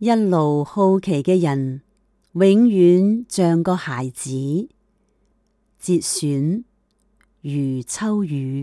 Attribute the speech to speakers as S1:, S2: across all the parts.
S1: 一路好奇嘅人，永遠像個孩子。節選《余秋雨》。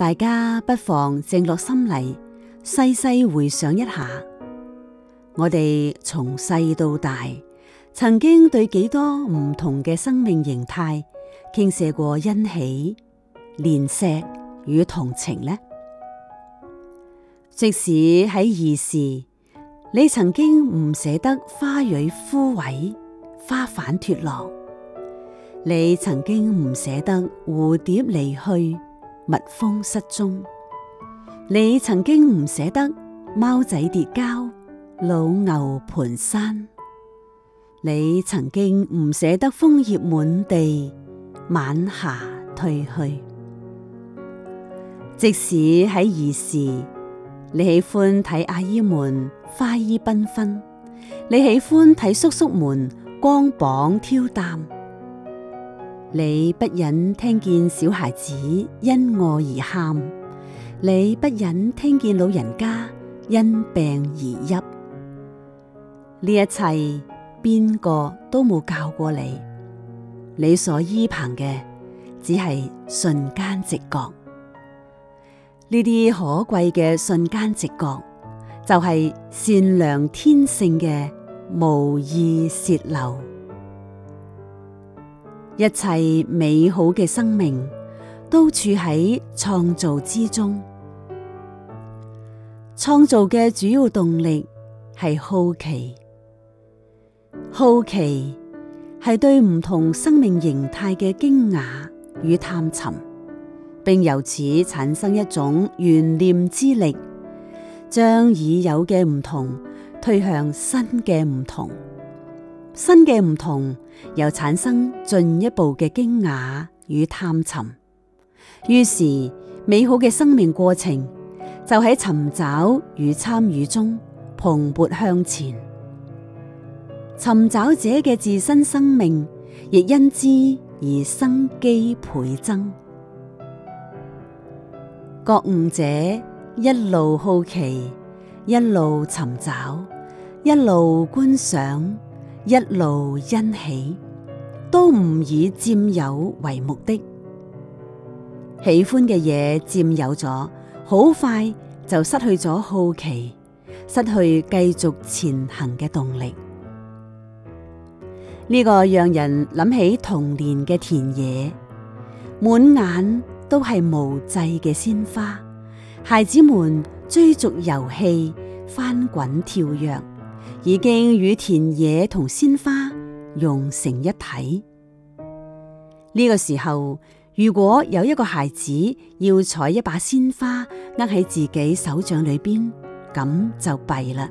S1: 大家不妨靜落心嚟，細細回想一下，我哋從細到大，曾經對幾多唔同嘅生命形態傾瀉過欣喜、憐惜與同情呢？即使喺兒時，你曾經唔捨得花蕊枯萎、花瓣脫落，你曾經唔捨得蝴蝶離去。蜜蜂失蹤，你曾經唔捨得貓仔跌跤、老牛蹣跚，你曾經唔捨得楓葉滿地、晚霞褪去。即使喺兒時，你喜歡睇阿姨們花衣繽紛，你喜歡睇叔叔們光膀挑擔。你不忍聽見小孩子因餓而喊，你不忍聽見老人家因病而泣。呢一切邊個都冇教過你，你所依憑嘅只係瞬間直覺，呢啲可貴嘅瞬間直覺就係善良天性嘅無意泄漏。一切美好嘅生命都處喺創造之中，創造嘅主要動力係好奇，好奇係對唔同生命形態嘅驚訝與探尋，並由此產生一種懸念之力，將已有嘅唔同推向新嘅唔同。新嘅唔同，又產生進一步嘅驚訝與探尋。於是，美好嘅生命過程就喺尋找與參與中蓬勃向前。尋找者嘅自身生命亦因之而生機倍增。覺悟者一路好奇，一路尋找，一路觀賞。一路欣喜，都唔以佔有為目的。喜歡嘅嘢佔有咗，好快就失去咗好奇，失去繼續前行嘅動力。呢個讓人諗起童年嘅田野，滿眼都係無際嘅鮮花，孩子們追逐遊戲，翻滾跳躍。已經與田野同鮮花融成一體。呢、這個時候，如果有一個孩子要採一把鮮花握喺自己手掌裏邊，咁就弊啦。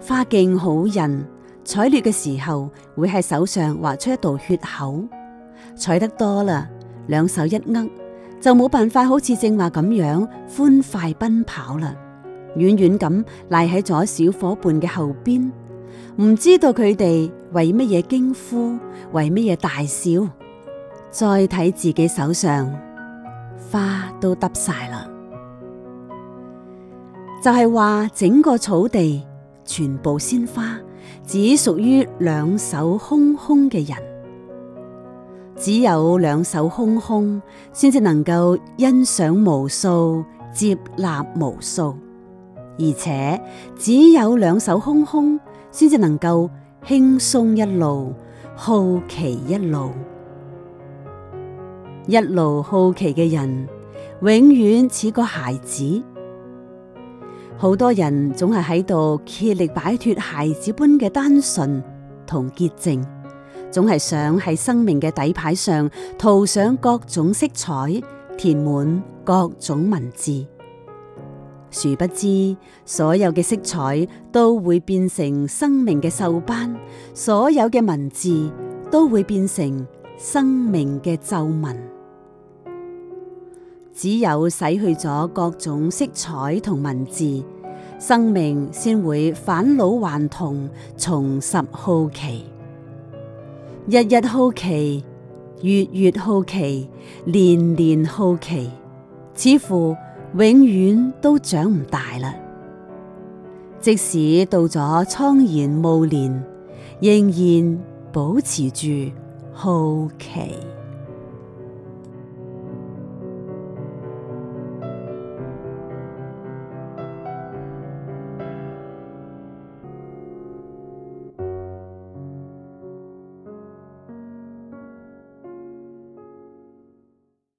S1: 花莖好韌，採落嘅時候會喺手上劃出一道血口。採得多啦，兩手一握，就冇辦法好，好似正話咁樣歡快奔跑啦。遠遠咁賴喺咗小伙伴嘅後邊，唔知道佢哋為乜嘢驚呼，為乜嘢大笑。再睇自己手上花都耷晒啦，就係話整個草地全部鮮花只屬於兩手空空嘅人，只有兩手空空先至能夠欣賞無數，接納無數。而且只有兩手空空，先至能夠輕鬆一路，好奇一路。一路好奇嘅人，永遠似個孩子。好多人總係喺度竭力擺脫孩子般嘅單純同潔淨，總係想喺生命嘅底牌上塗上各種色彩，填滿各種文字。殊不知，所有嘅色彩都會變成生命嘅鏽斑，所有嘅文字都會變成生命嘅皺紋。只有洗去咗各種色彩同文字，生命先會返老還童，重拾好奇。日日好奇，月月好奇，年年好奇，似乎，永遠都長唔大啦，即使到咗蒼然暮年，仍然保持住好奇。